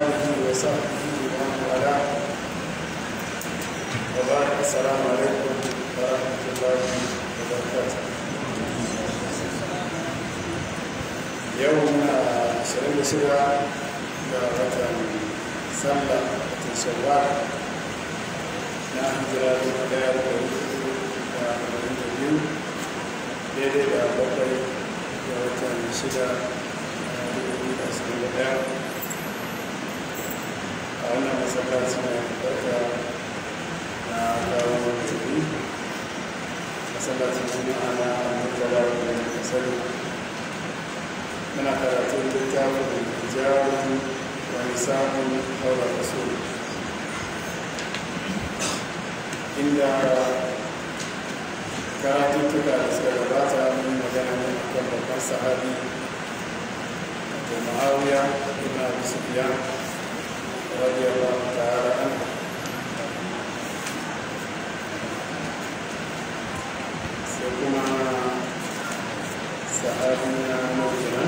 وصحبه ومن والاه وبارك السلام عليكم ورحمه الله وبركاته يوم 26 ga watan sallah watan shawwal na hijira dubu daya a hudu da da biyu daidai da bakwai ga watan shida da da a wannan masallaci na albarka na kawo mutane masallacin juma'a na mutala da na sani muna karatun littafin jawo wani samun haura kaso inda karatuttuka da suka gabata mun magana ne akan babban sahabi da ma'awiya ibn abu sufyan رضي الله تعالى عنه سيكون سحابنا موجنا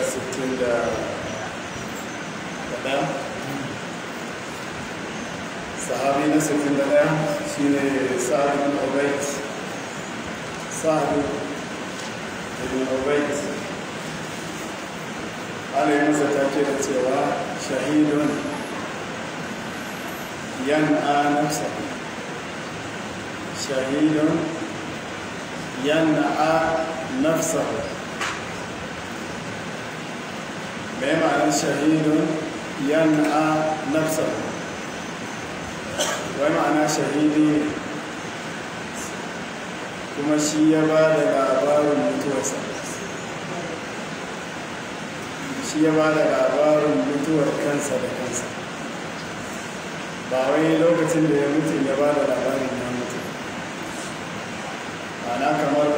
أسكين صحابي نسكين دا شيني سعد بن عبيد سعد بن عبيد alayyarsa ta ce da cewa shahidun yan a nafsa shahidun yan a nafsa mai ma'anar shahidun yan a nafsa wai ma'ana shahidi kuma shi ya ba da labarin mutuwarsa shi ya da labarin mutuwar kansa da kansa ba wai lokacin da ya mutu ya ba da labarin ya mutu Ba na kamar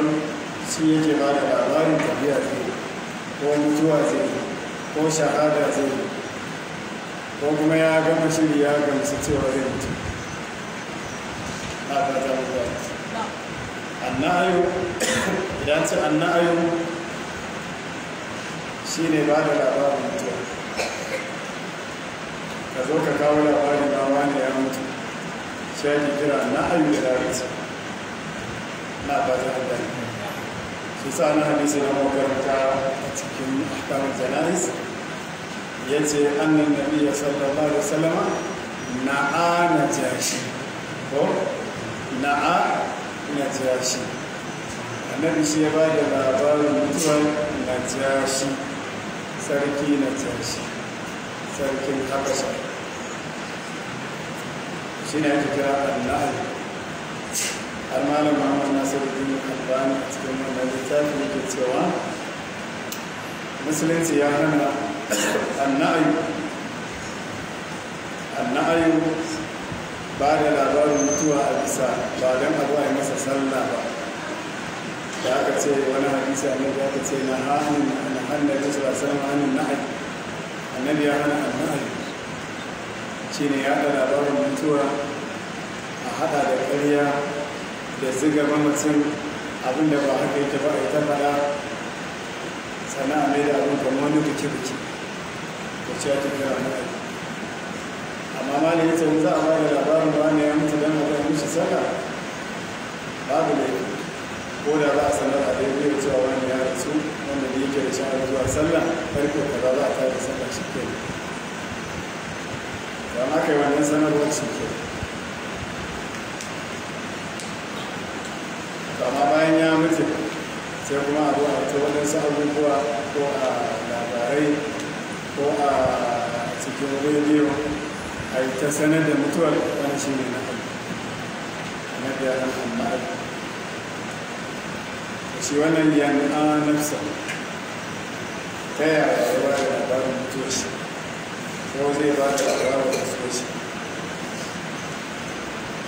shi yake da labarin tafiya zai ko mutuwa zai ko shahada zai ko kuma ya gama shiri ya gamsu cewa zai mutu a fata mutuwa "Annayo, idan ce Annayo?" shi ne ba da labarin mutuwa ka zo ka kawo labarin ba wani ya mutu shi ya kira na ayu da larisa na ba ta haddari shi sa na hadisi na makaranta a cikin ahkamar jana'is ya ce annan nabi ya sallallahu alaihi wasallama na'a na jashi ko na'a na jashi annabi shi ya ba da labarin mutuwar na jashi sarki na tarsi sarkin habasa shi ne ake kira allah har malam muhammad nasiruddin albani a cikin wannan littafi yake cewa musulunci ya hana annayu annayu ba da labarin mutuwa a bisa ba don abuwa a yi masa sallah ba da aka ce wani hadisa ne da aka ce na hannun annabi sallallahu alaihi wasallam an nahi annabi ya hana shi shine ya ɗara labarin mutuwa a haɗa da ƙarya da ziga mamacin abinda ba haka yake ba a yi ta faɗa sana'a mai da abin kamar wani buki-buki da cewa ta kira nahi amma ne ya ce za a ba da labarin ba ne ya mutu don haɗa mishi sallah babu laifi Koda da za a sanar a daidai da cewa wani ya rasu wanda da yake da shahara zuwa sallah farko kaza za a tare sallah shi ke da ma kai wannan sanarwar shi ke amma bayan ya mutu sai kuma a zuwa ta waɗansu kuwa, ko a labarai ko a cikin rediyo a yi ta sanar da mutuwar wani shi ne na abu na biya amma shi wannan yana nafsa ta yaya ya ba da labarin mutuwarsa ko zai ba da labarin mutuwarsa shi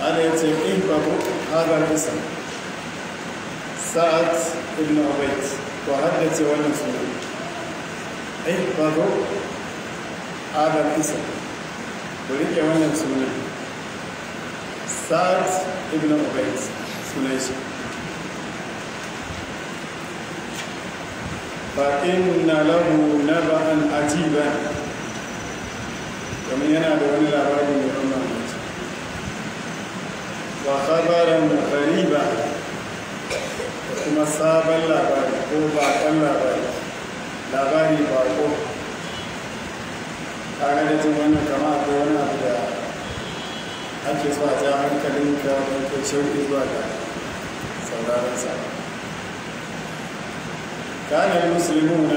ana ya ce in babu hadar nisa sa'ad ibn ubayd ko ce wannan sunan in eh, babu hadar nisa ko rike wannan suna. sa'ad ibn ubayd suna shi فإن له نبأ عجيبا ومن ينال من الأبعاد من الموت وخبرا غريبا وكما صاب الأبعاد وبعد الأبعاد labari bako kaga da jin wannan kama ko wani abu da ake so a ja hankalinka don kai shauƙi zuwa ga sauraron كان المسلمون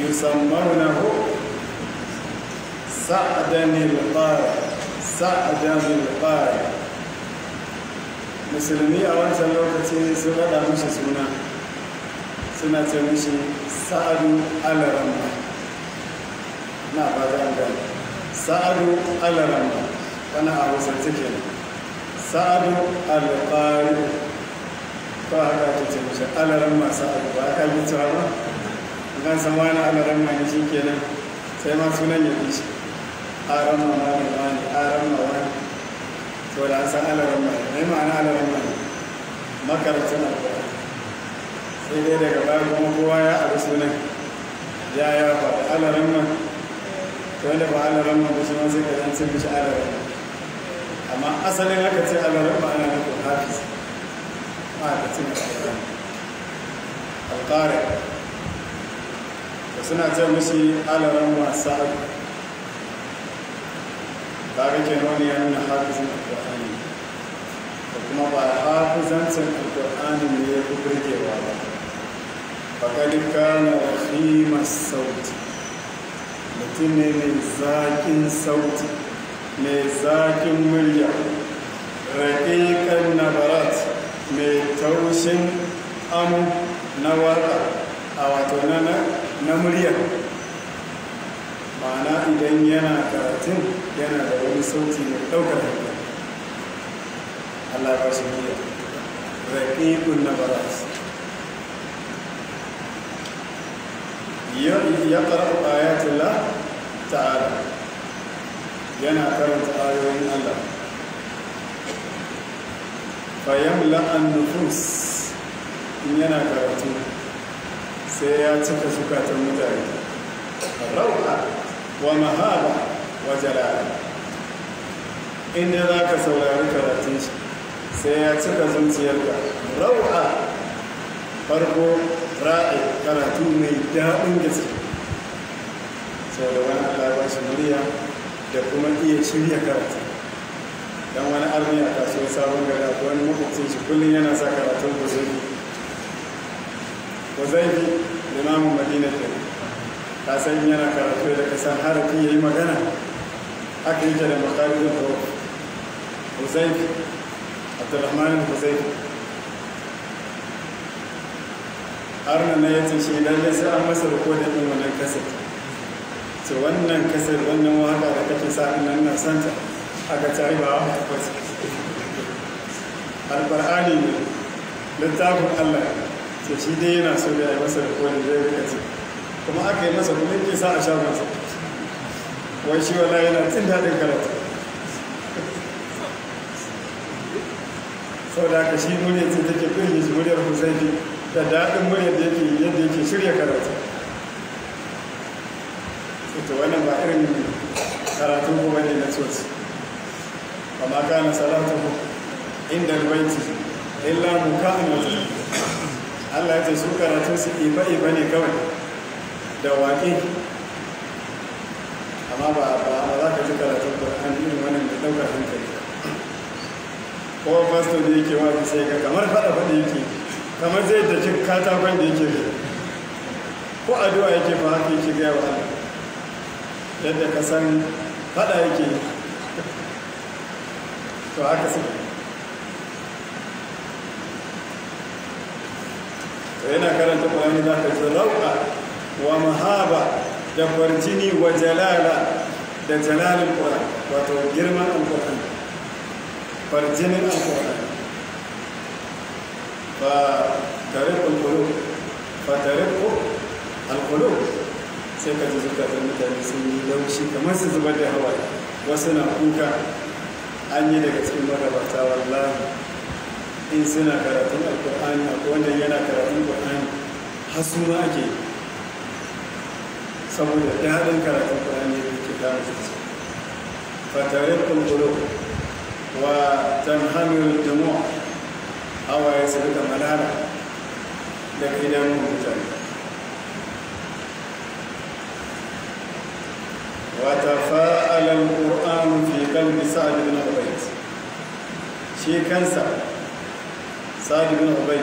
يسمونه سعدا القارئ سعدا القارئ musulmi a wancan lokaci sun rada mishi suna suna ce mishi sa'adu alaramba na ba za sa'adu alaramba wani a ba haka ake ce mishi alaran masu abu ba haka ake cewa ba kan san wani alaran ma ne shi kenan sai ma sunan ya bishi aran ma wani wani aran ma wani to da an san alaran ma ne ma'ana alaran ma ne makarantun abu sai dai daga baya kuma kowa ya abu sunan ya ya faɗi alaran ma to wanda ba alaran ma ba shi ma sai ka zan cin mishi alaran amma asalin haka ce alaran ma ana nufin hafiz هذا سنة القارئ وسنة زمشي على رمى السعد قارئ جنوني أن حافظ القرآن وكما بقى حافظ أنسى القرآن من يكبرك وعلا فقد كان رخيم الصوت متن من زاكن صوت من زاكن مليا رقيق النبرات mai taushin amu na waka a wato na murya ma'ana idan yana karatun yana da wani sauti mai ɗaukar hankali Allah ba shi biya raƙiƙun na baras ya ƙarfi ayatullah ta'ala yana karanta ayoyin Allah fayyam la'an nufus in yana karatu sai ya cika zukatan mutane rau'a wa mahaba wa jalala inda za ka saurari karatun shi sai ya cika zuciyarka rau'a farko ra'i karatu mai daɗin gaske sau da wani alabar shi murya da kuma iya shirya karatu dan wani arni a kasuwar sabon gari akwai wani makwabcin shi kullum yana sa karatun buzuri buzuri limamin madina ke ka san yana karatu da ka san harafi ya yi magana haka yi da makarin da ko zai buzuri arna na ya tun shi idan ya sa masa da ɗin wannan kasar ce wannan kasar wannan waka da kake sa nan na santa aka taiba alƙur'ani ne littafin allah ce shi dai yana so da ya yi masa rikodin zai rika ce kuma aka yi masa kuma yake sa a sha masa wai shi wala yana cin daɗin karatu sau da aka shi muryar ce take shi muryar huzaifi da daɗin muryar da yake yadda yake shirya karatu wannan ba irin karatun kuma ne na sosai وما كان صلاته عند البيت إلا مكاء وتسبيح Allah ya ce su karatun su iba-iba ne kawai da waƙe amma ba ba za ka ji karatun ƙwarfan yin wannan da ɗaukar hankali kowa fasto da yake waƙi sai ga kamar faɗa faɗa yake kamar zai da cin katakon da yake da ko a duwa yake ba haka yake gaya wa Allah yadda ka san fada yake to haka suka yana karanta ƙwani za ka ji rauka wa mahaba da barjini wa jalala da jalalin ƙwani wato girman alƙwani barjinin alƙwani ba tare ƙulƙulu ba tare ƙulƙulu sai ka ji zukatan mutane sun yi laushi kamar su zubar da hawaye wasu na kuka an yi daga cikin magabata wallahi in suna karatun alkur'ani a wannan yana karatun alkur'ani hasu ma ake saboda daɗin karatun alkur'ani da ke damu su fatare kulkulo wa tan tanhamil damuwa hawaye su rika malala daga idanun mutane وتفاءل القرآن في قلب سعد بن عبد shi kansa sa'ad bin ubayd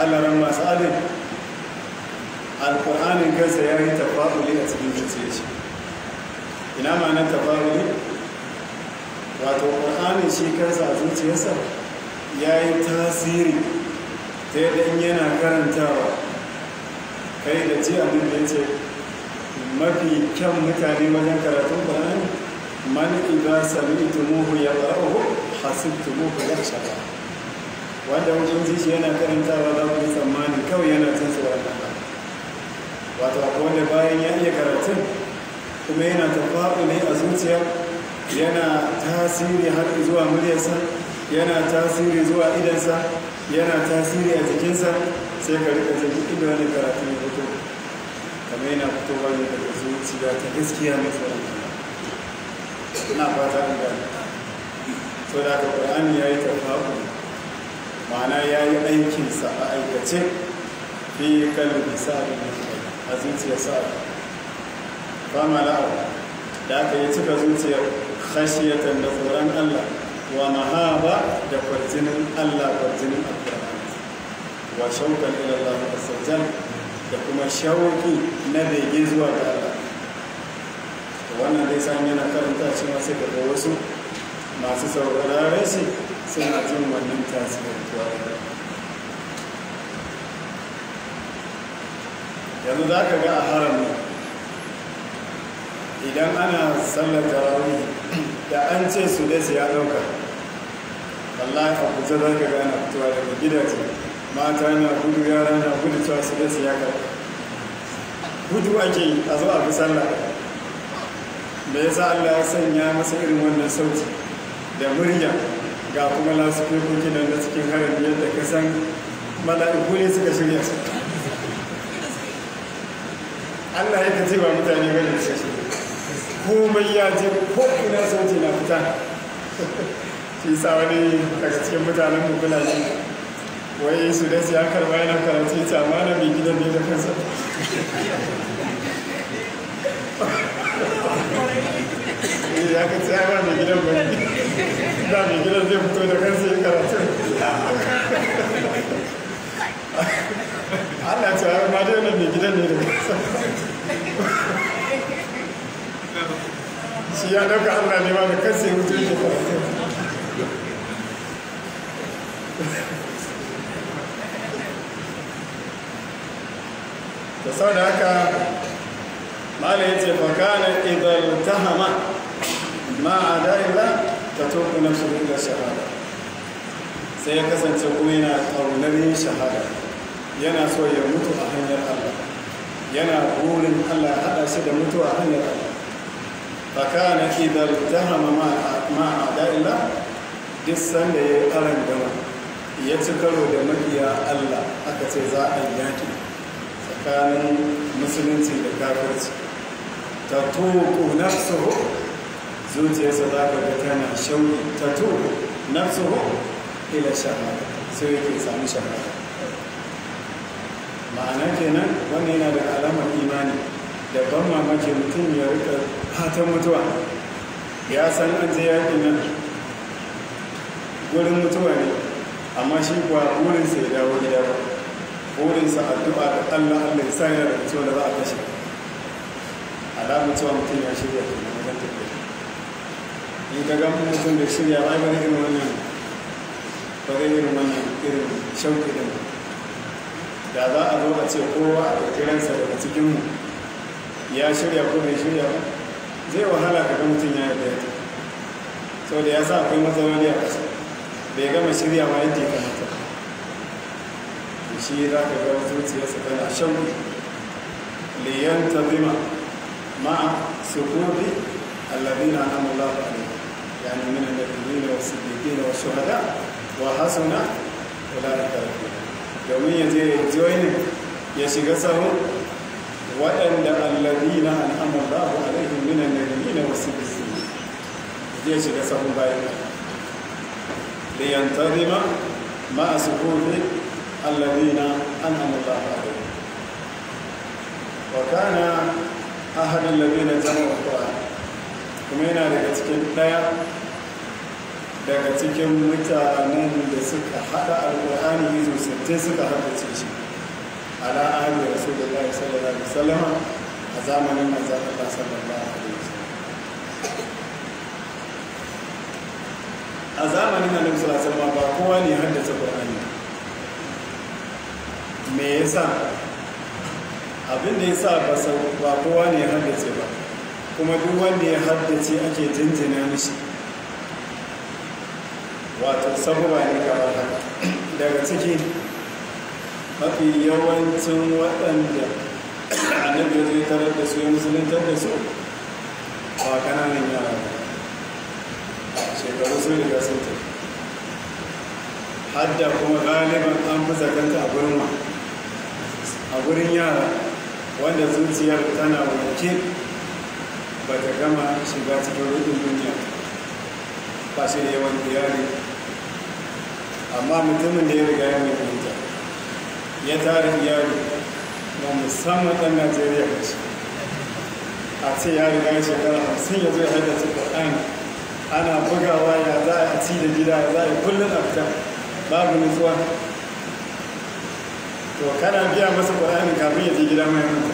Allah ramma sa'ad alqur'anin kansa ya yi tafa'uli a cikin zuciya ina ma'anar tafa'uli wato qur'anin shi kansa a zuciyarsa ya yi tasiri ta yadda in yana karantawa kai da ji abin da ya ce mafi kyan mutane wajen karatun ƙwararren Mani idan sami ita muhu ya ƙarfafa ya yahshaba wanda wajen shi yana karantawa za ku yi tsammani kawai yana cin tsoron Allah wato akwai wanda bayan ya iya karatun kuma yana ne a zuciya yana tasiri har zuwa muryarsa yana tasiri zuwa idansa yana tasiri a jikinsa sai ka rika jin inda wani karatu ya fito kamar yana fitowa ne daga zuciya ta gaskiya mai tsoron Allah ina fata an so da ka ya yi tafafu ma'ana ya yi aikinsa a aikace fi kalbi sa'adun a zuciyar sa'adun fama la'awa da aka yi cika zuciyar khashiyatan da tsoron Allah wa mahaba da kwarjinin Allah kwarjinin alƙur'ani wa shaukan ila Allah sajjan da kuma shauki na bege zuwa ga Allah wannan dai san na karanta cewa sai daga wasu masu sauraron shi suna jin wannan tasirantuwa yanzu za ka ga a haramun idan ana sallar tarawih da an ce su da ya dauka wallahi a kusa za ka gane fitowa daga gidaje mata na gudu yara na gudu cewa su da ya karɓa gudu ake yi a zuwa fi sallar me yasa allah ya sanya masa irin wannan sauti da murya ga kuma lasifikoki nan da cikin harin yadda ka san mala'iku ne suka shirya su Allah ya kace ba mutane ba da shi komai ya je ko ina sauti na fita shi sa wani daga cikin mutanen mu ne wai su da ya karba yana karatu ya ce amma na mai gidan ne da kansa sai da aka tsaya ba mai gidan bane da mai gidan zai fito da kansa ya karatu Allah ta yi ma dai wannan mai gidan ne da shi ya dauka Allah ne ma da kansa ya fito ya karatu da sau da haka malai ya ce fakana idan tahama ma a da'ila ta toku na shirin shahada sai ya kasance kuma yana ƙaunar yin shahada yana so ya mutu a hanyar allah yana burin allah ya haɗa shi da mutu a hanyar allah fakana idan jahama ma a da'ila duk sanda ya yi ƙaran gama ya ci karo da mafiya allah aka ce za a yaki tsakanin musulunci da kafirci ta tuku nafsuhu zuciyarsa za ka ga tana shauki ta tuhu tsoho ila shahada sai yake samu shahada ma'ana kenan wannan yana da alamar imani da ban mamaki mutum ya rika fatan mutuwa ya san an je yaƙi nan gurin mutuwa ne amma shi kuwa burinsa ya dawo gida ba burinsa addu'a da allah allah ya sa yana da mutuwa da za a kashe alamar cewa mutum ya shirya kenan wajen tafiya in ka ga mutum da shirya ba ga irin wannan ba ga irin wannan irin shauki din da za a zo a ce kowa a ɗauki ransa daga cikinmu ya shirya ko bai shirya ba zai wahala ka ga mutum ya yarda ya sau da ya sa akwai matsaloli a bai gama shirya ma yadda ya kamata da shi za ka liyan يعني من النبيين والصديقين والشهداء وحسن اولئك يومية جوين يشيغسه وإن الذين أنعم الله عليهم من النبيين والصديقين يشيغسه بين لينتظم مع سقوط الذين أنعم الله عليهم وكان أحد الذين جمعوا القرآن kuma yana daga cikin ɗaya daga cikin mutanen da suka haɗa alƙur'ani yi zuwa suka haɗa shi ala ali lai sallallahu alaihi wasallam a zamanin manzon ta sallallahu alaihi wasallam a zamanin nufi sallallahu alaihi wasallam ba kowa ne haddasa qur'ani me yasa abin da sa ba kowa ne haddasa ba kuma duk wanda ya haddace ake jinjina mishi wato saboda ne kamar haka daga ciki mafi yawancin waɗanda annabi ya zai tarar da su ya musuluntar da su ba kananan yara ba shekaru sun riga sun tafi hadda kuma galiban an fi zakanta a gurin a gurin yara wanda zuciyar tana wanke ba ta gama shiga cikin rudin duniya ba shi da yawan iyali amma mutumin da ya riga ya mutunta ya tara iyali na musamman ɗan najeriya ba shi a ce ya riga ya shekara hamsin ya zai haɗa su ƙar'an ana bugawa ya za a ci da gida ya za a yi kullum a fita babu nutsuwa to kana biya masa ƙur'ani kafin ya je gida mai mutu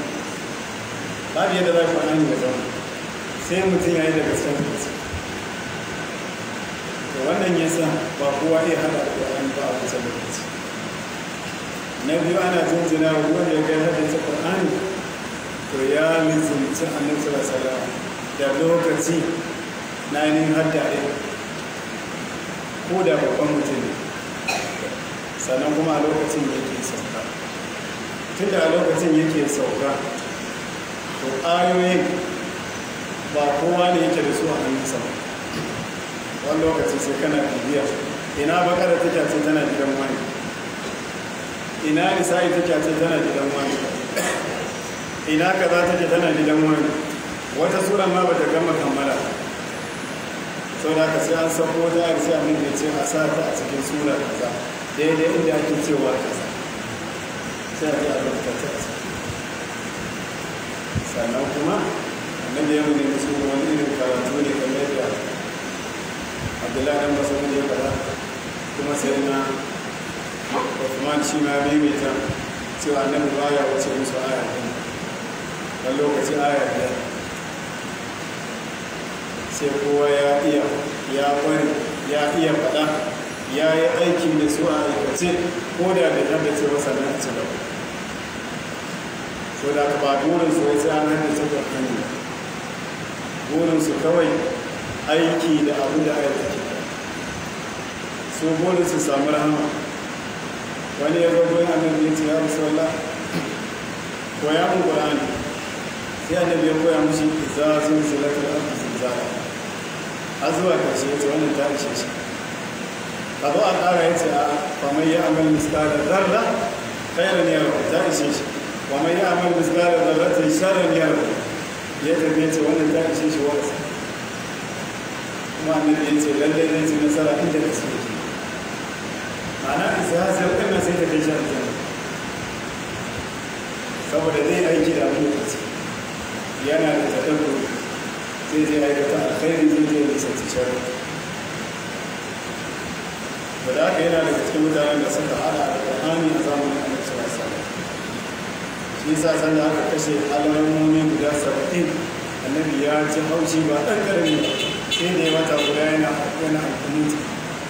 babu yadda za ka ƙur'ani ya zama sai mutum ya yi daga cikin kansa Da wannan ya san ba kowa iya haɗa ƙwa'an ba a kusa da kansa na biyu ana jinjina da ya gaya haɗa ta ƙwa'ani to ya lizinci annabi sallallahu da lokaci na yanin hadda ɗaya ko da babban mutum ne sannan kuma a lokacin yake sauka tun da a lokacin yake sauka to ayoyin ba kowa ne yake da su a hannun sa wani lokaci sai kana bibiya ina bakara ta ce tana gidan wani ina nisa'i take ce tana gidan wani ina ta take tana gidan wani wata sura ma ba ta gama kammala sau da ka sai an sako wata a sai abin da ce a sa ta a cikin sura za daidai inda ake cewa kaza sai a ji a lokacin sannan kuma inda ya rubuta su irin karatu ne kamar da abdullahi dan basu ya faɗa kuma sai na Uthman shi ma maimaita cewa annabi baya wuce musu aya ɗin lokaci aya ɗaya sai kowa ya iya ya bari ya iya faɗa ya yi aiki da su a aikace ko da bai haddace masa na ci gaba da ba burin su wai sai an haddace ba burinsu kawai aiki da abin da ayar take su burinsu samu rahama wani ya zo gurin annabi ya ce ya rasulullah koya mu qur'ani sai annabi ya koya mushi za su yi zilatul ardi zilzala har zuwa karshe ya ce wannan ta ishe shi a zo a ƙara ya ce a famai ya amal miskala zarra khairan yaro ta ishe shi wa mai ya amal miskala zarra ta sharran yaro ya zama ce wannan ta ishe shi wasu kuma annabi ya ce lallai zai ci nasara inda ka so ke ma'ana isa sai waɗannan sai ta kai shan jana saboda zai aiki da abin da yana da tadabbur zai je aikata a alkhairi zai je nisanci sharri ba da haka yana da cikin mutanen da suka hada alƙur'ani a zamanin shi yasa sanda aka kashe alamomi guda saba'in annabi ya ji haushi ba ɗan ƙarami sai da ya wata guda yana yana alkuniti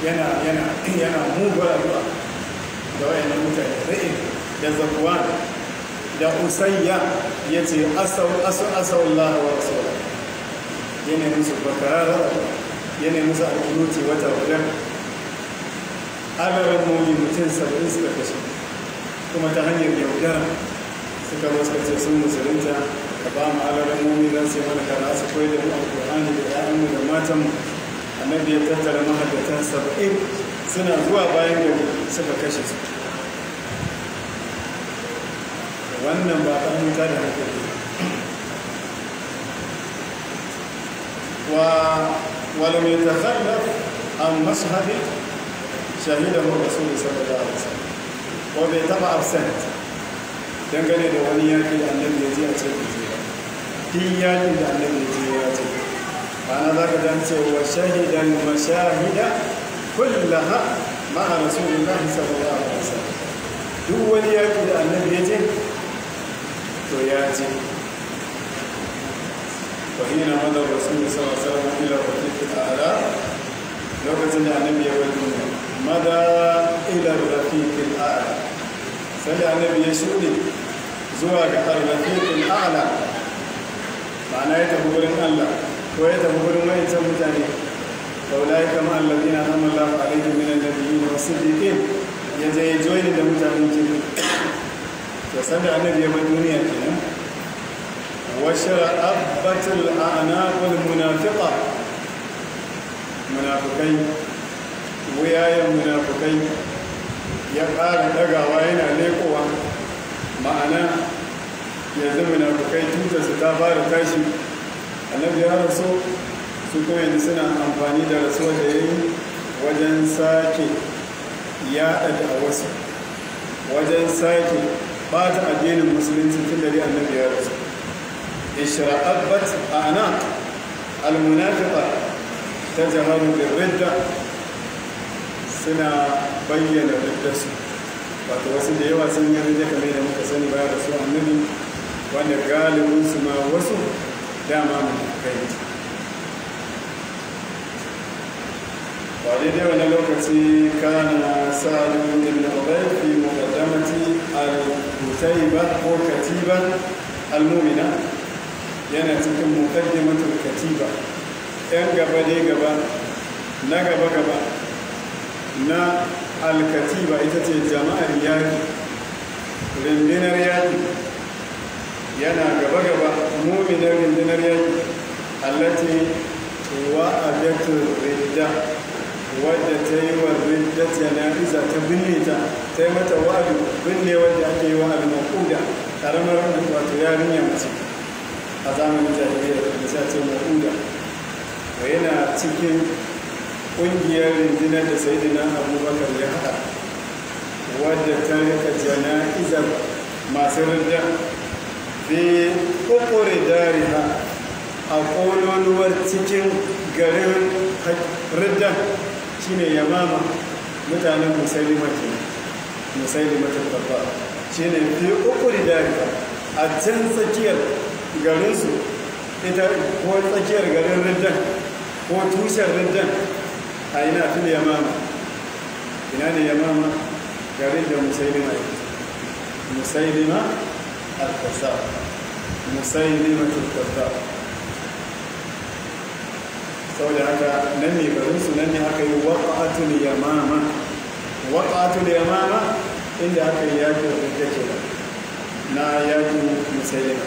yana yana yana mugu addu'a da wayannan mutane ra'in da zakuwa da usayya ya ce asau asau asau Allah wa rasuwa yana musu bakarara yana musu alkuniti wata guda alamomi mutum saba'in suka kashe kuma ta hanyar yaudara suka zo suka ce sun musulunta ka ba mu alalar mummi za su yi mana kara su koyi da mu alƙur'ani da ƴaƴanmu da matanmu annabi ya tattara mahaddatan saba'in suna zuwa bayan da suka kashe su wannan ba ƙarfin da hankali ولم يتخلف عن مشهد شهيده الرسول صلى الله عليه وسلم وبيتبع absent dangane da wani yaƙi da annabi ya je a ce bai je ba duk yaƙi da annabi ya je ya ce na za ka dan wa shahidan mashahida kullaha ma'a rasulullahi sallallahu a wasa duk wani yaƙi da annabi ya je to ya je وحين مضى الرسول صلى الله عليه وسلم الى الرفيق الاعلى لوكتن النبي يقول مضى الى الرفيق الاعلى sai annabi ya shuɗe zuwa ga arrafiqul a'la ma'ana ya tafi wurin Allah ko ya tafi wurin wayancan mutane faulai kama alladina amalla da biyu annabiyyin wasu dike ya je ya joini da mutanen jirgin to sanda annabi ya bar duniya kenan wa ana wani munafiqa munafiqai wuyayen munafiqai ya ƙara dagawa yana lekowa ma'ana yanzu munafukai tutarsu ta fara tashi annabi ya rasu su kuma yanzu suna amfani da rasuwar da ya yi wajen sake yaɗa da wasu wajen sake bata addinin musulunci tun da dai annabi ya rasu ishra'abat ana almunafiqa ta jaharu da ridda suna bayyana riddarsu wato wasu da yawa sun yi da kamar da muka sani baya da su annabi wanda galibin su ma wasu dama munafikai ba dai wani lokaci kana sa'adu ibn ubay fi muqaddamati al-kutayba ko katiba al-mu'mina yana cikin muqaddamatul katiba yan gaba dai gaba na gaba gaba na alkatiba ita ce jama'ar yaki rindinar yaki yana gaba-gaba muminar rindinar yaki allati jatun rinda wadda ta yi wa na jana'iza ta binne ta ta yi mata wa'adu binne wadda ake yi wa al-maquda karamar wato yarinya mace a zamanin jahiliya da ta ce Wa yana cikin ƙungiyar rundunar da sayidina abubakar ya haɗa wadda ta rika jana'izar masu rinda fi ƙoƙore ba, a ƙololuwar cikin garin ridda shine mama, mutanen musayi ke musailima ta babba shine fi ƙoƙore ba, a can tsakiyar garinsu ita ko tsakiyar garin ridda ko tushen riddan a ina fil yamama ina ne yamama garin da musailima ya musailima al-kazzab musailima al sau da haka nan ne garin su nan ne aka yi waqa'atul yamama waqa'atul yamama inda aka yi yaki da kake na yaki musailima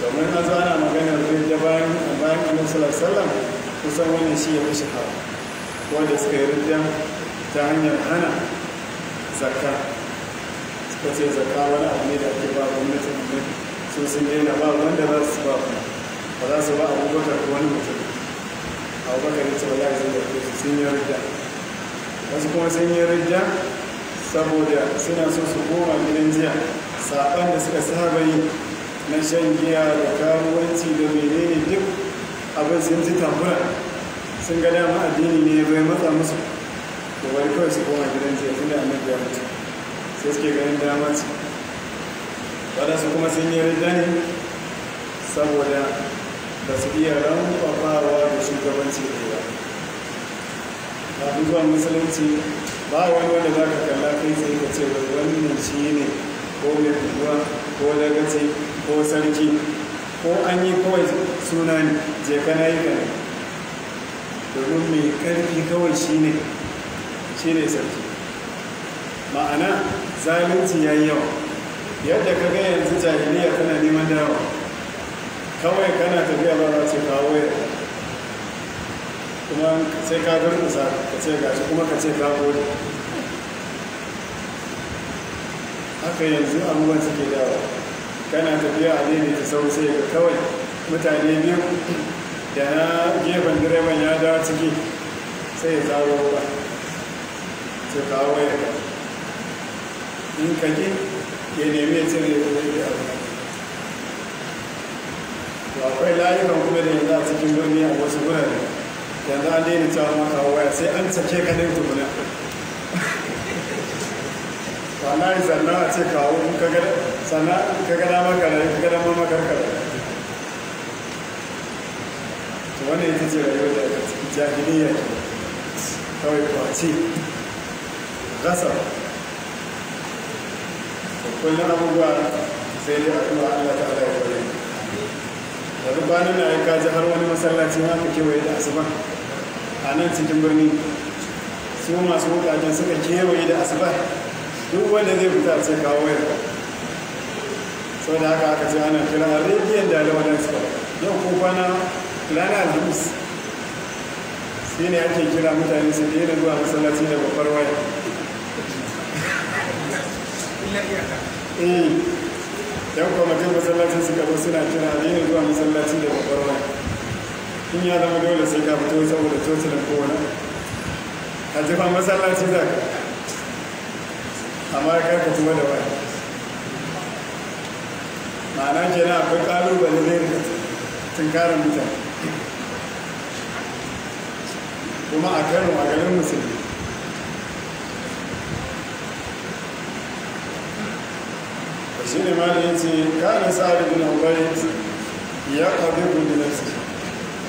domin a zo ana maganar da bayan bayan annabi sallallahu alaihi wasallam kusan wannan shi ya fi shahara wanda suka yi rinjan ta hanyar hana zakka suka ce zakka wani abu ne da ake ba gwamnati annabi su sun daina ba wanda za su ba kuma ba za su ba abubakar ko wani mutum abubakar ya ce ba za su da ke sun yi rinjan wasu kuma sun yi rinjan saboda suna so su koma gidan jiya saɓan da suka saba yi na shan giya da karuwanci da menene duk abin sun ji tambura sun ga dama addini ne ya bai matsa musu to bari kawai su koma gidan jiya tun da annabi ya mutu sai suke ganin dama ce su kuma sun yi rida saboda ba su iya ramuwa da shugabanci da ba A zuwa musulunci ba wani wanda za ka kalla kai sai ka ce wannan shi ne ko mai ko lagace ko sarki ko an yi kawai ne je kana yi gani domin mai karfi kawai shine ne sarki ma'ana zalunci ya yi yawa yadda ka ga yanzu jahiliya tana neman dawa kawai kana tafiya ba za ce kawo ya kuma sai ka durkusa ka ce gashi kuma ka ce ka gode haka yanzu abubuwan suke dawa kana tafiya a ta sau sai ga kawai mutane biyu da na gefen direban ya dawo ciki sai ya zaro ba sai kawo ya ka in ka ji ya nemi ya cire ya zai da abu akwai layukan kuma da yanzu a cikin birni a wasu wurare yanzu an daina cewa kawo waya sai an sake ka dai tukuna yi zanna a ce kawo kuka gada? sana ka gada maka da ka gada mama da ta wani ita ce rayuwa da jahiliya kawai kwace gasa kullum abubuwa sai dai abubuwa Allah ta ala kwaye da rubanin na aika kaji har wani masallaci ma ka kewaye da asuba a nan cikin birni su masu wukajen suka kewaye da asuba duk wanda zai fita sai kawo wayar sau da haka aka ce ana kira a rediyon da alawadan suka yau ko kwana rana alhamis sai ne ake kira mutane su ne daina zuwa masallaci da babbar waya eh yan kwamitin masallacin su zo suna kira a rediyon zuwa masallaci da babbar waya in ya zama dole sai ka fito saboda cocinan kowane a jifan masallaci za ka amma ka karkatu da waya ma'ana kenan akwai kalubale ne da tunkarar mutane kuma a kai a garin musulmi shi ne ma da yace kana sa'adu bin ubayd ya qabidu li nafsi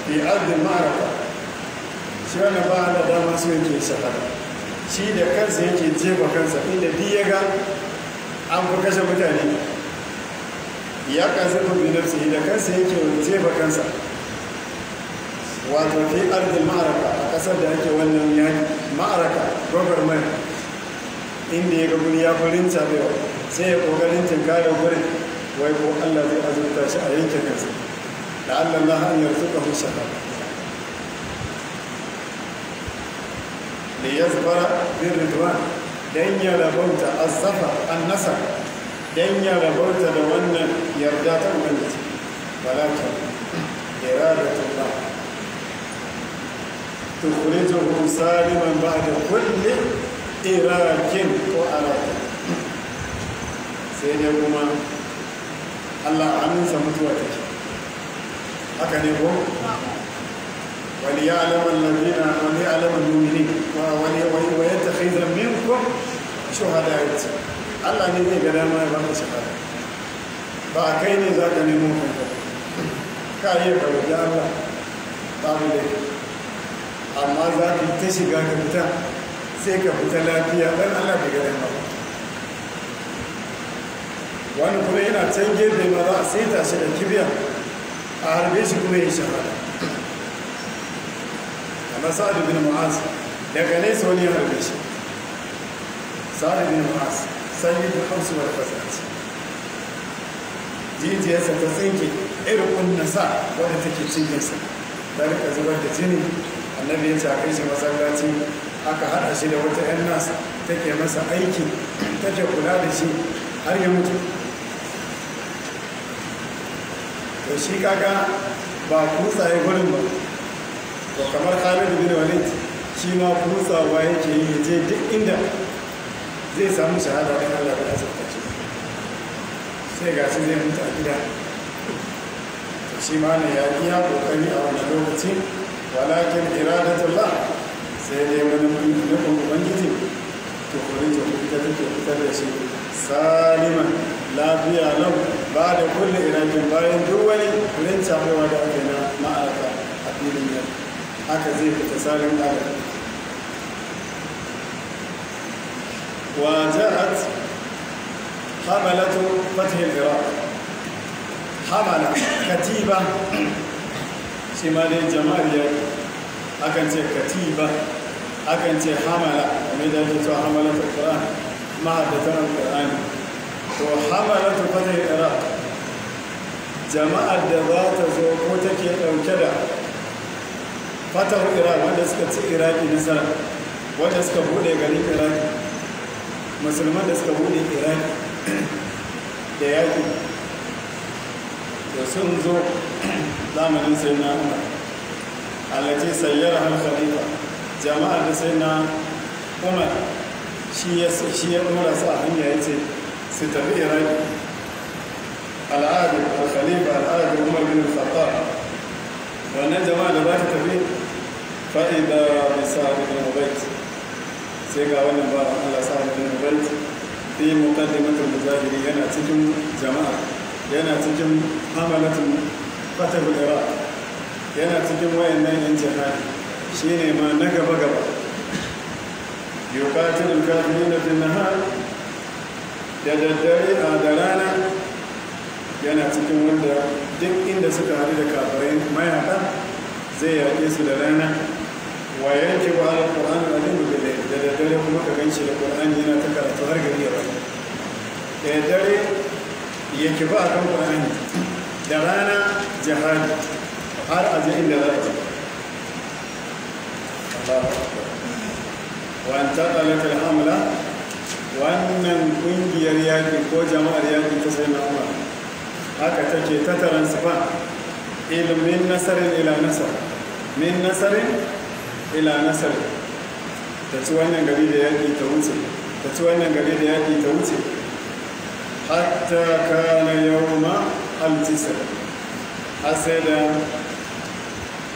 fi ard ma'arafa shi wani ba da dama su yake shahara shi da kansa yake jefa kansa inda duk ya ga an fi kashe mutane ya kansu kudin yi da kansa yake jefa kansa wato fi ardin ma'araka a kasar da ake wannan yaki ma'araka gogar mai inda ya gabuni ya farin tabewa sai ya kokarin tinkara wurin wai ko allah zai azurta shi a yankin kansa da allah na hanyar suka husa da ya zubara bin ridwan don ya rabauta zafa an nasa don ya rabauta da wannan yarda ta ubangiji walakin ta ba tukhrijuhu saliman da kulle irakin ko arakin sai dai kuma Allah aminsa mutuwa ta take haka ne ko wani ya alama lamina wani ya alama lumini wa wani ya tafi zamin ko shuhada ya ce allah ne zai ga dama ya baka shahada ba a kai ne za ka nemo kanka ka iya ka roƙi allah mu da amma za ka ta shiga ka fita sai ka fita lafiya dan allah bai ga dama ba wani kuma yana can gefe ma za a saita shi da kibiya a harbe shi kuma ya shahada amma Sa'adu bin mu'az daga nesa wani ya harbe shi sa'adu bin mu'az sanyi da hamsu wani fasanci jijiyarsa ta tsinke irin sa wadda take sa ta rika zubar da jini annabi ya ce a shi masallaci aka haɗa shi da wata 'yan nasa take masa aiki take kula da shi har ya mutu to shi kaga ba kutsaye gurin ba ko kamar khalid bin walid shi ma kutsawa yake yi je duk inda zai samu shahada da Allah da azurta sai ga su zai mutu a gida ta shi ma ne ya iya kokari a wani lokaci walakin iradatullah sai dai wani kuma ubangiji to kuri ta kuri ta ke fitar da shi saliman lafiya lau ba da kulle irakin bayan duk wani rincamewa da ake na ma'araka a filin yau haka zai fita salin adam وجاءت حملة فتح العراق حملة كتيبة شمال الجمالية أكنت كتيبة أكنت حملة وماذا جئت حملة القرآن ما حدثنا القرآن وحملة فتح العراق جماعة da za أو zo فتح العراق ɗauke da نزل iraq wanda suka ci musulman da suka bude iraki da yaƙi da sun zo zamanin sai na umar alaji sayyar al-khalifa jama'ar da sai na umar shi ya ɗora su a hanya ya ce su tafi iraki al'adu al-khalifa al'adu umar bin al-khattab wannan jama'a da ba ta tafi fa'ida bisa bin al sai ga wannan ba Allah sa mu bin da fi da mujahiri yana cikin jama'a yana cikin hamalatul fatar iraq yana cikin wayannan yan jihadi shine ma na gaba gaba yuqatilul kafirina bin nahar da daddare a da rana yana cikin wanda duk inda suka haɗu da kafirai mayaƙa zai yaƙe su da rana wa yanke wa alƙur'an alim bil da daddare kuma ka gan da ƙwar'ani yana ta karatu har gari ya bari da dare ya ki ba a kan ƙwar'ani da rana jihadi har a je inda za a je wa'an ta ɗalata alhamula wannan ƙungiyar yaƙi ko jama'ar yaƙi ta sai na umar haka take ta taransifa ilmin nasarin ila nasar min nasarin ila nasarin ta ci wannan gari da yaƙi ta wuce ta ci wannan gari da yaƙi ta wuce hatta kana yau ma altisa har sai da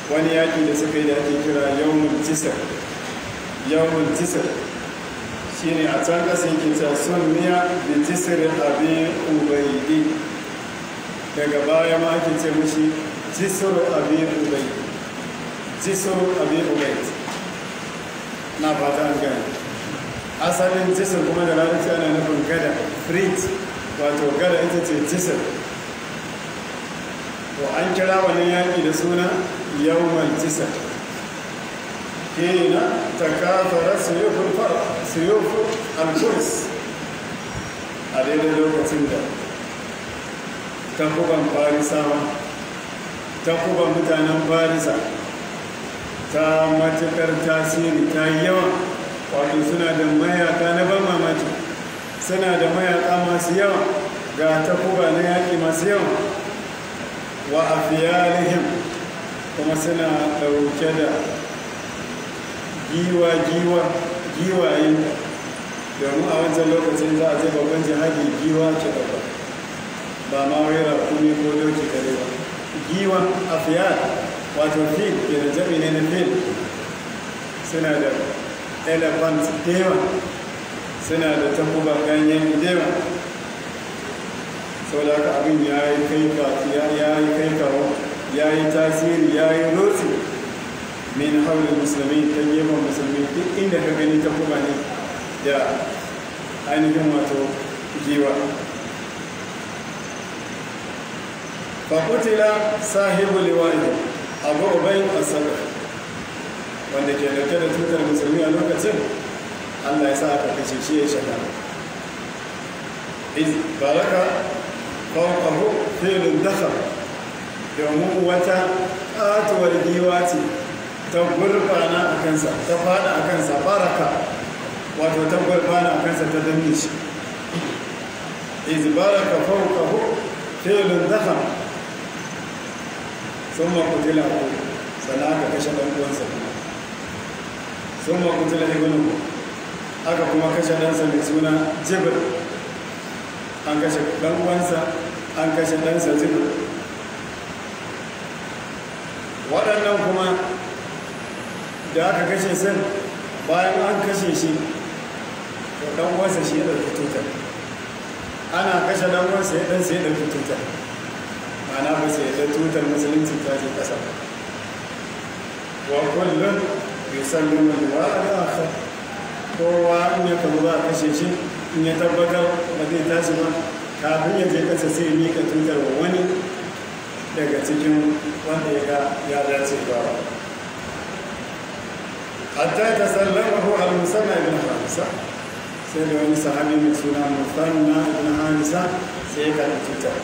wani yaƙi da suka yi da ake kira yau yawmul tisr yawmul shi ne a can ƙasa kinta sun miya da tisr abi ubaidi daga baya ma ake ce mushi tisir abin ubaidi tisir abin ubaidi na fata an gani asalin jisir kuma da larabci ana nufin gada frit wato gada ita ce jisir ko an kira wani yaƙi da suna yawmal jisir hina takafara suyufin far suyufin a daidai lokacin da farisa Ta takuban mutanen farisa ta matukar tasiri ta yi yawa wato suna da mayaka na ban mamaki suna da mayaka masu yawa ga takuba na yaƙi masu yawa wa afiyarihim kuma suna ɗauke da giwa-giwa domin a wancan lokacin za a je babban jihadi giwa ke ɗauka ba ma wera kuma ko dauki kare ba giwa afiyar wato fil ke da jami ne na fil suna da elephant dewa suna da takuba ganyen dewa sau da aka abin ya yi kai kawo ya yi tasiri ya yi rotsi min haurin musulmi ta gefa musulmi duk inda ka gani takuba ne da ainihin wato giwa fakutila sahibu liwanin abu ubayin asabar wanda ke dauke da tutar musulmi a lokacin allah ya sa aka kashe shi ya shaka iz baraka fawqahu filin dakhal domin wata katuwar giwa ce ta gurfana a kansa ta fada a kansa baraka wato ta gurfana a kansa ta danne shi iz baraka fawqahu filin dakhal sun ma kutila ku sana aka kashe ɗan uwansa sun ma kutila ku aka kuma kashe ɗansa mai suna jibir an kashe ɗan an kashe ɗansa jibir waɗannan kuma da aka kashe sun bayan an kashe shi to ɗan shi ya ɗauki tutar ana kashe ɗan uwansa ya ɗansa ya ɗauki tutar ma'ana ba su yadda tutar musulunci ta ce ƙasa ba wa kullum bai san nuna da wa a ƙasa kowa in ya kama za a kashe shi in ya tabbatar ba zai tashi ba kafin ya je ƙasa sai ka tutar wa wani daga cikin wanda ya ga ya dace ba hatta ta sallama ko na musanna ibn sai da wani sahabi mai suna musanna ibn Harisa sai ya karɓi tutar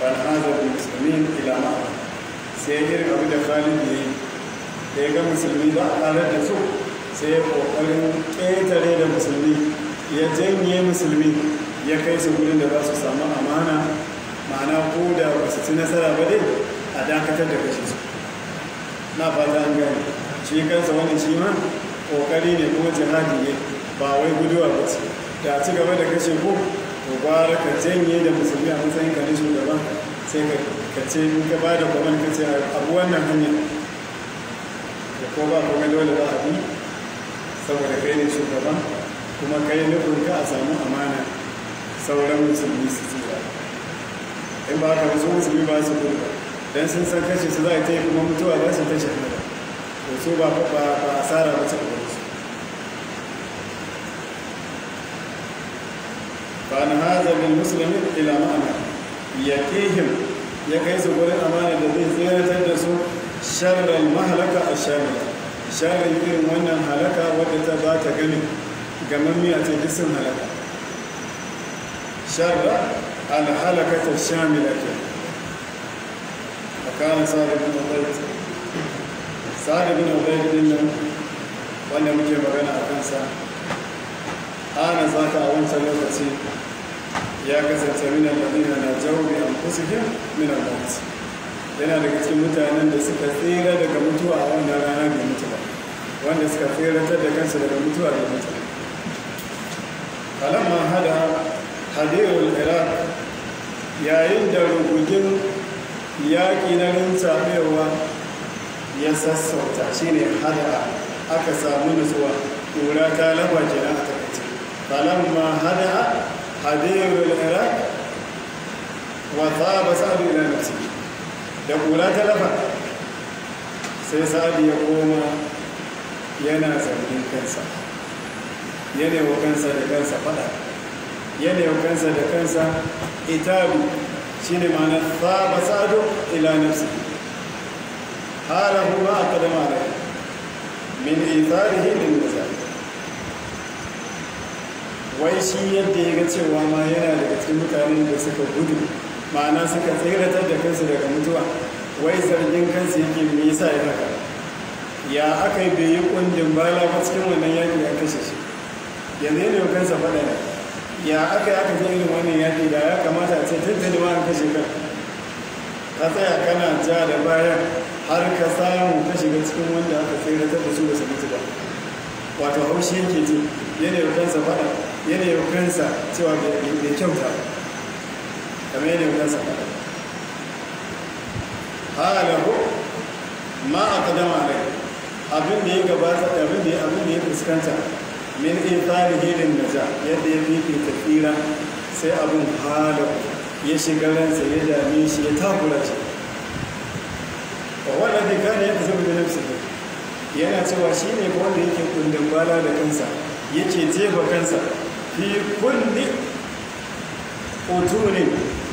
fan'azar musulmin ilama sai irin abu da khalid ne da ya ga musulmi ba a ƙarar da su sai ya ƙoƙarin ƙetare da musulmi ya janye musulmi ya kai su gudun da za su samu amana ma'ana ko da ba ci nasara ba dai a dakatar da kashe su na fata an gani shi kansa wani shi ma ƙoƙari ne kuma jihadi ne ba wai guduwa ba ce da ci gaba da kashe ku? mubarak ka janye da musulmi a matsayin ka sai ka da kwanan ka ce abu wannan hanyar kuma saboda kai ne shugaba ka a samu amana sauran musulmi su ba su don sun san kashe su za a ta yi kuma mutuwa za su ta shahara ba a asara ba فأن هذا للمسلم إلى معنى يكيهم يكيس قول أمانة الذي زينة النسو شر المهلكة الشاملة شر يمكن وأن الهلكة وتتبات جميع جممية جسم هلكة شر الهلكة الشاملة وكان صالح بن عبيد صالح بن عبيد وأن مجيب مغنى أكنسا ana zaka a wancan lokaci ya kasance mina madina na jawu a anfusihim min al yana daga cikin mutanen da suka tsira daga mutuwa a wannan rana mai mutuwa wanda suka tsiratar da kansu daga mutuwa da mutuwa. ba hada hadirul iraq yayin da rugugin yaƙi na fiyarwa ya sassauta shine hada aka samu nutsuwa ƙura ta lafa kenan فلما هدأ حدير العراق وثاب سعد إلى نفسه يقول لا تلفا سيسعد يقوم yana zargin kansa yana kansa da kansa fada yana kansa da kansa itabi shi ne ma'anar saba sado ila ma a kadama da min itharihi lin nasa wai shi yadda ya ga cewa ma yana daga cikin mutanen da suka gudu ma'ana suka tsiratar da kansu daga mutuwa wai zargin kansu yake me yasa ya haka ya aka yi bai yi kundin bala ba cikin wannan yaƙi da kashe shi yanzu yana yau kansa faɗa ne ya aka yi aka je irin wannan yaƙi da ya kamata a ce tattali ma an kashe kan ka tsaya kana ja da baya har ka samu ka shiga cikin wanda aka tsiratar da su da su mutu ba wato haushi yake ji yana yau kansa faɗa yanayin kansa cewa bai kyauta kamar yanayin kansa halahu ma a kadama rai abin da ya gabata abin da abin da ya fuskanta min in fara hilin naja yadda ya fi tafira sai abin halahu ya shiga ransa ya dame shi ya takura shi wannan da gane ya fi zama da nafsi yana cewa shi ne wanda yake kundin bala da kansa yake jefa kansa fi kulli utuni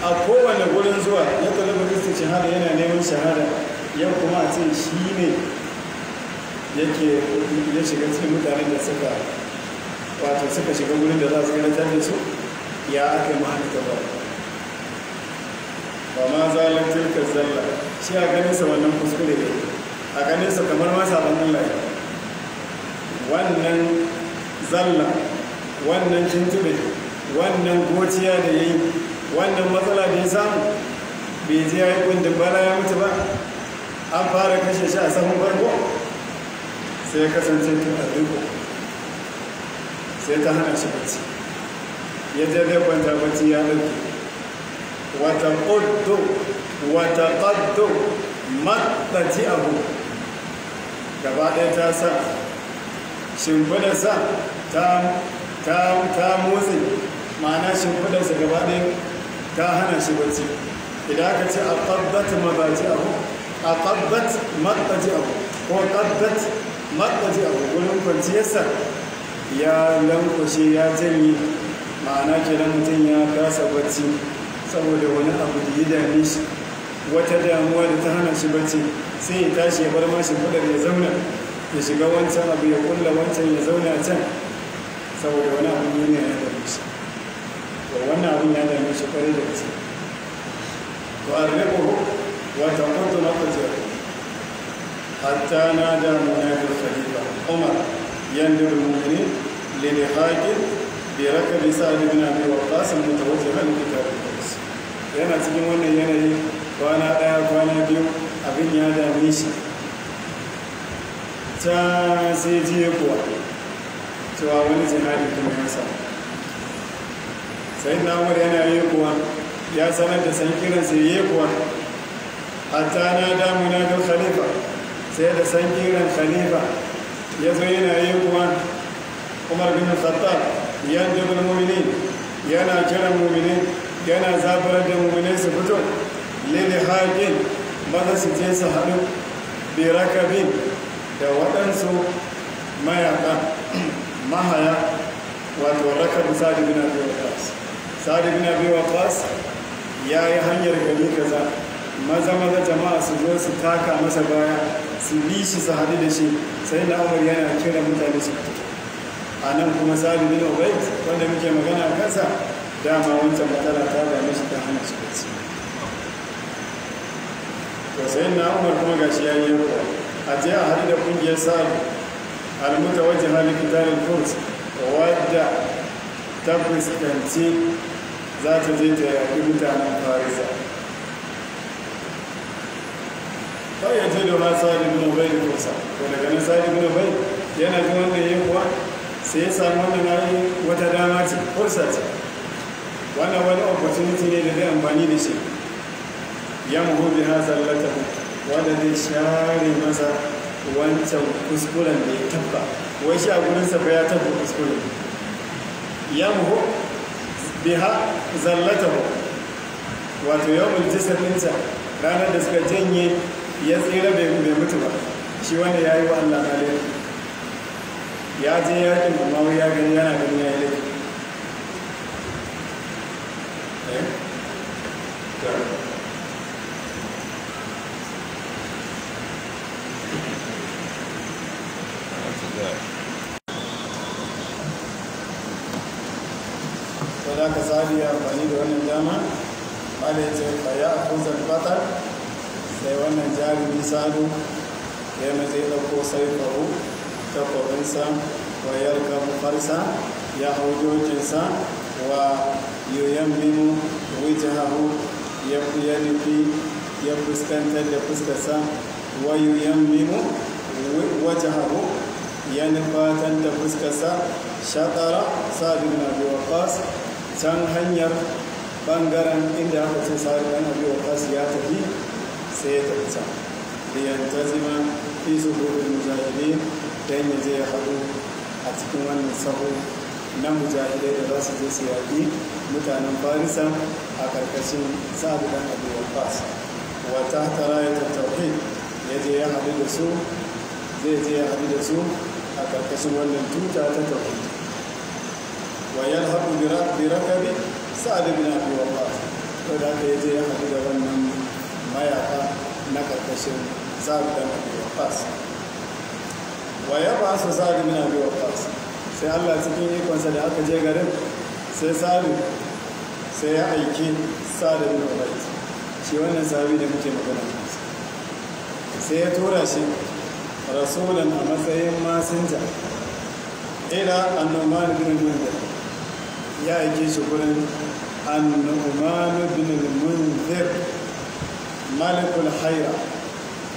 a kowane gurin zuwa ya talaba kristi shahada yana neman shahada yau kuma a ce shi ne yake ya shiga cikin mutanen da suka wato suka shiga gurin da za su gina da su ya aka yi mahalika ba ba ma zalin tilka zalla shi a ganin sa wannan kuskure ne a ganin sa kamar masa ban Allah wannan zalla wannan tuntube wannan gociya da ya yi wannan matsala da ya samu bai ji ya yi kundi bala ya mutu ba an fara kashe shi a saman barko sai ya kasance tun a duka sai ta hana shi bacci ya je zai kwanta bacci ya ɗauke wata ƙoddo wata ƙoddo matsaji abu gaba ɗaya ta sa shimfiɗa sa ta ta motsi ma'ana kudansa gaba ɗaya ta hana shi bacci idan aka ce a ƙabbat mabaji abu a ƙabbat maɓaji abu ko ƙabbat maɓaji abu wurin kwanciyarsa ya lankwashe ya janye ma'ana kenan mutum ya kasa bacci saboda wani abu da ya dame shi wata damuwa da ta hana shi bacci sai ya tashi ya bar mashi kudar ya zauna ya shiga wancan abu ya kulla wancan ya zauna can saboda wani abin duniya ya dame su to wannan abin ya dame shi kwarai da gaske to arribu wata kuntu na kujeru hatta na da da khalifa umar yandir sa lilihaqin bi rakabi sa'ad bin abi waqqas mutawajjihan bi tarikh yana cikin wannan yanayi kwana ɗaya kwana biyu abin ya dame shi ta sai jiye kuwa cewa wani zinari tun ya sai na umar yana yekuwa kuwa ya sanar da san kiran sai yi kuwa hatta na damu na don khalifa sai da san kiran khalifa ya zo yana yekuwa kuwa umar bin khattab yan jibin muminin yana kiran muminin yana zafarar da muminin su fito lili haƙin maza su je su haɗu bi rakabin da waɗansu mayaƙa mahaya wato rakar Sadi bin abi waqas sadi bin abi waqas ya yi hanyar gari kaza maza maza jama'a su zo su taka masa baya su bi shi su hadu da shi sai na umar yana kira mutane su a nan kuma Sadi bin ubayd wanda muke magana kansa dama wancan matsala ta dame shi ta hana shi to sai na umar kuma gashi ya yau a je a haɗu da kungiyar Sadi. almutawajjiha li qitalil furs wadda ta fuskanci za ta je ta yaƙi mutanen farisa kawai ya je da ma sa'ad ibn ubay da kusa ko daga nan sa'ad ibn ubay yana jin ya yi kuwa sai ya wanda na yi wata dama ce fursa ce wannan wani opportunity ne da zai amfani da shi ya muhu bi hazallata wanda zai share masa wancan kuskuren da ya tabba wai shi a gurinsa ba ya tabba kuskuren ha zallata ho. wato yawmul jasadinta ranar da suka janye ya tsira bai mutu ba shi wanda ya yi wa Allah alaihi ya je yakin amma ya gani yana gani ya yi laifi kala ya ce ka a kuzar fatar sai wannan jarumi sanu ya mace ɗauko sai faru takobinsa wa yarka farsa ya hau dokinsa wa ya ya nufi ya fuskantar da fuskarsa wa yuyamminu wajahahu ya nufatar da fuskarsa na biyu can hanyar bangaren inda aka ce sa'ad ɗan abi waqas ya tafi sai ya tafi can liyantazima isu suhufil mujahidin dan ya je ya haɗu a cikin wannan sahu na mujahidai da za su je su yaƙi mutanen farisa a ƙarƙashin sa'ad ɗan abi waqas wata tara rayatul tauhid ya je ya haɗu da su zai je ya haɗu da su a ƙarƙashin wannan tuta ta tauhid wa haɗu birakabi sa'ad bin abi waqas to da ya je ya haɗu da wannan mayaka na ƙarƙashin sa'ad bin abi waqas wa ya ba su sa'ad bin abi waqas sai Allah cikin ikonsa da aka je garin sai sa'ad sai ya aiki sa'ad bin waqas shi wannan sahabi da muke magana sai ya tura shi rasulun a matsayin masinja ila annoman bin mundir ya aike shi gurin annu'man bin al-munzir malikul haira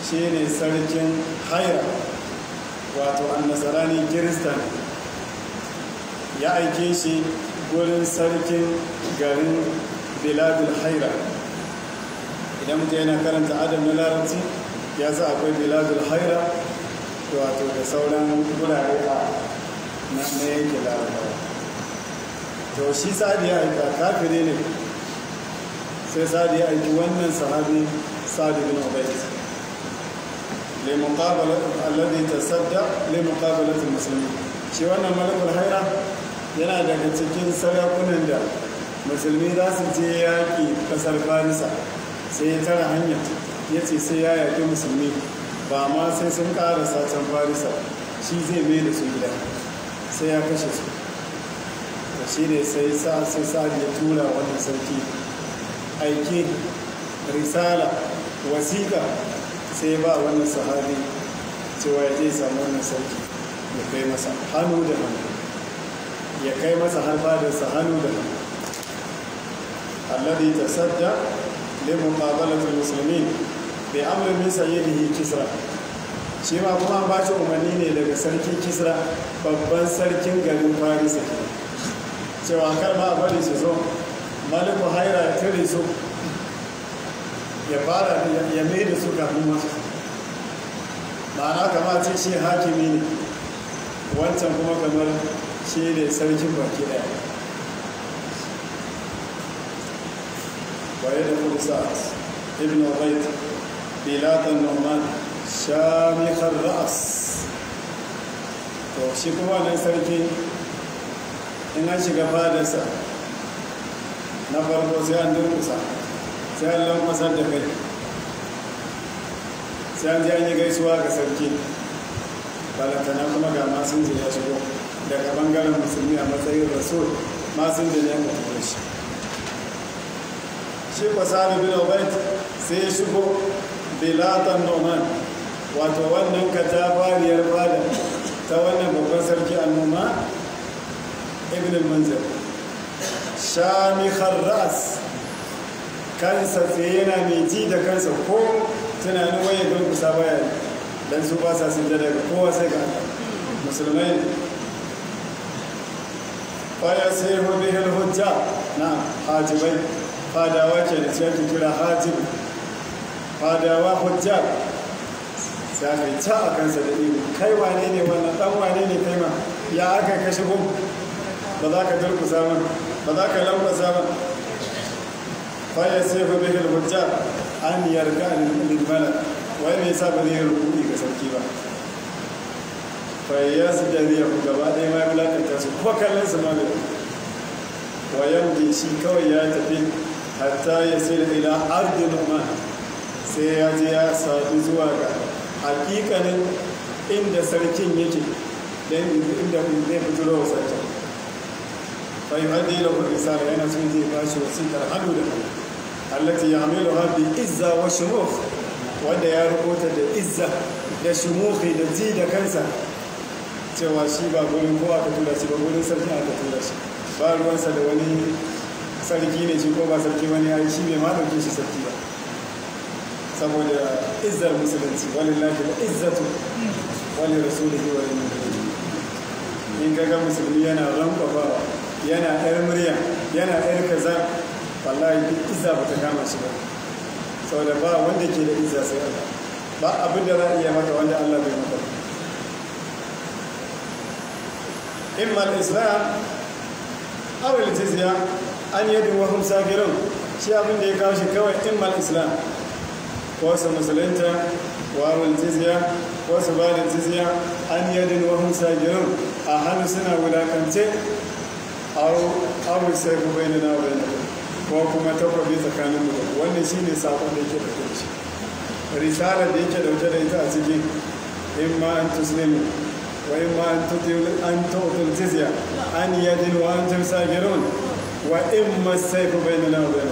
shine sarkin haira wato annasarani kirista ya aike shi gurin sarkin garin biladul haira idan mutum yana karanta adam na larabci ya akwai biladul haira wato da sauran gurare a na yanke larabawa to shi sadi ya aika kafire ne sai sadi ya aiki wannan sahabi sadi bin ubayd limuqabalat alladhi tasadda limuqabalat almuslimin shi wannan malakul haira yana daga cikin sarakunan da musulmi za su je yaƙi ƙasar farisa sai ya tara hanyar ya ce sai ya yaƙi musulmi ba ma sai sun ƙara can farisa shi zai mai da su gida sai ya kashe su shi ne sai sa sai sa ya tura wannan sarki aiki risala wasiƙa sai ba wannan sahabi cewa ya je samu wannan sarki ya kai masa hannu da hannu ya kai masa har sa hannu da hannu alladhi tasadda li muqabalati almuslimin bi amri min sayyidihi kisra shi ma kuma ba shi umarni ne daga sarki kisra babban sarkin garin farisa ke cewa kar ma bari su zo maliku haira ya kare su ya fara ya mai da su kafin wasu ma'ana kama ce shi hakimi ne wancan kuma kamar shi ne sarkin baki daya waye da kuma sa'ad ibn ubayd bilatan norman shamikar ra'as to shi kuma nan sarki in an shiga fadarsa na farko sai an durkusa sai an lankwasar da kai sai an ji an yi gaisuwa ga sarki balatana kuma ga masinji ya shigo daga bangaren musulmi a matsayin rasul masinji ne ya mutu shi shi sami bin obait sai ya shigo bilatan noman wato wannan katafariyar fada ta wannan babban sarki annoma ibn al shamikhar ra'as kansa tsaye yana mai ji da kansa ko tunanin waye don kusa baya dan su ba sa sun daga kowa sai ga musulmai faya sai hobi hujja na hajibai fadawa ke da sai kira hajib fadawa hujja sai aka yi ta a kansa da ihu kai wane ne wannan dan wane ne kai ma ya aka kashe gumu ba za ka durkusa min ba za ka lambasa min faya sai ku bihi hujja an yarka lil malak wai me yasa ba zai rukuni ga sarki ba faya su da zai ku gaba ɗaya ma bulatanta su kuma kallon su ma bai wayan shi kawai ya tafi hatta ya sai da ila ardin umar sai ya je ya sadu zuwa ga hakikanin inda sarkin yake don inda zai fito da sarkin fa yu'addi lahu risala yana so zai ba shi wasiƙar hannu da hannu allati ya'maluha bi izza wa shumukh wanda ya rubuta da izza da shumukhi da ji da kansa cewa shi ba gurin kowa ka tura shi ba gurin sarki aka tura shi ba ruwansa da wani sarki ne shi ko ba sarki wani ya yi shi bai ma ɗauke shi sarki ba saboda izzar musulunci walillahi da izzatu wali rasulihi wa in ga musulmi yana rankwafawa yana yar murya yana yar kaza wallahi duk iza ba ta kama shi ba da ba wanda ke da iza sai Allah ba abin da za a iya mata wanda Allah bai maka In al-islam aw al-jizya an yadu wa hum sagirun shi abin da ya kawo shi kawai in al-islam ko su musulunta wa hum jizya ko su ba da jizya an yadu wa hum sagirun a hannu suna wulakance au sai ku bai na bai ko kuma takwabi tsakanin mu wannan shine sakon da yake dauke da shi risalar da yake dauke da ita a cikin in ma an tuslimu wa in ma an tutil an tutul jizya an yadin wa antum sagirun wa in ma sai ku bai na bai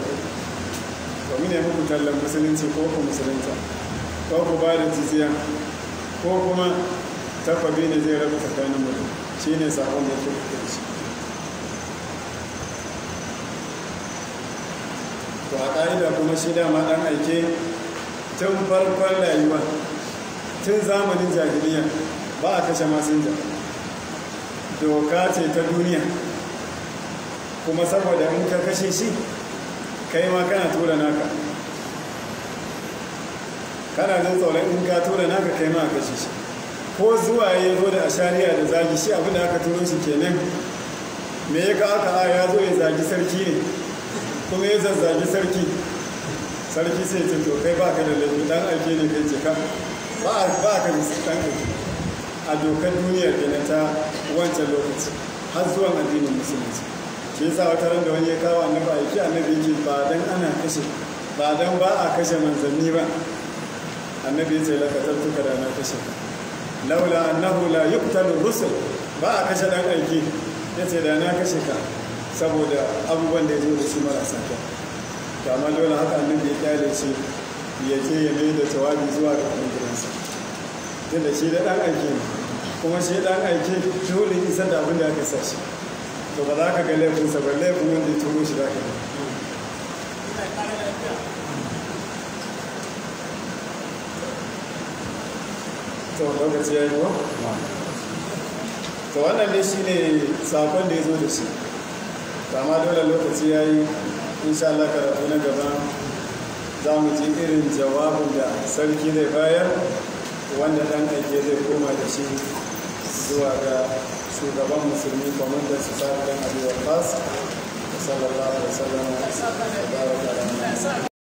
to mine muku tallan musulunci ko ku musulunta ko ku ba da jizya ko kuma takwabi ne zai rabu tsakanin mu shine sakon da yake da shi to a ƙa'ida kuma shi dama ɗan aike tun farkon rayuwa tun zamanin jahiliya ba a kashe masinja doka ce ta duniya kuma saboda in ka kashe shi kai ma kana tura naka kana jin tsoron in ka tura naka kai ma a kashe shi ko zuwa ya zo da ashariya da zagi shi abinda da aka turo shi kenan me ya ka aka ya zo ya zagi sarki ne kuma ya zazzagi sarki sarki sai ce to kai ba ka da laifi dan aike ne kai ce ka ba ba ka da dan aike a dokar duniyar da na ta wancan lokaci har zuwan addinin musulunci ke yasa wata ran da wani ya kawo annabi aiki annabi yake ba dan ana kashe ba dan ba a kashe manzanni ba annabi yace la qataltuka da na kashe laula annahu la yuqtalu rusul ba a kashe dan aiki yace da na kashe ka saboda abubuwan da ya zo da su marasa kyau to amma dole haka da ya kyale shi ya ce ya mai da tawabi zuwa ga ɗan gidansa tunda shi da ɗan aiki ne kuma shi ɗan aiki dole isar da abin da aka sa shi to ba za ka ga laifinsa ba laifin wanda ya turo shi za ka to lokaci ya yi wa? to wannan ne shi ne sakon da ya zo da shi amma dole lokaci ya yi insha Allah karatu na gaba za mu ji irin jawabin da sarki zai bayar wanda dan aike zai koma da shi zuwa ga shugaban musulmi da su sa abuwa fas sallallahu alaihi wasallam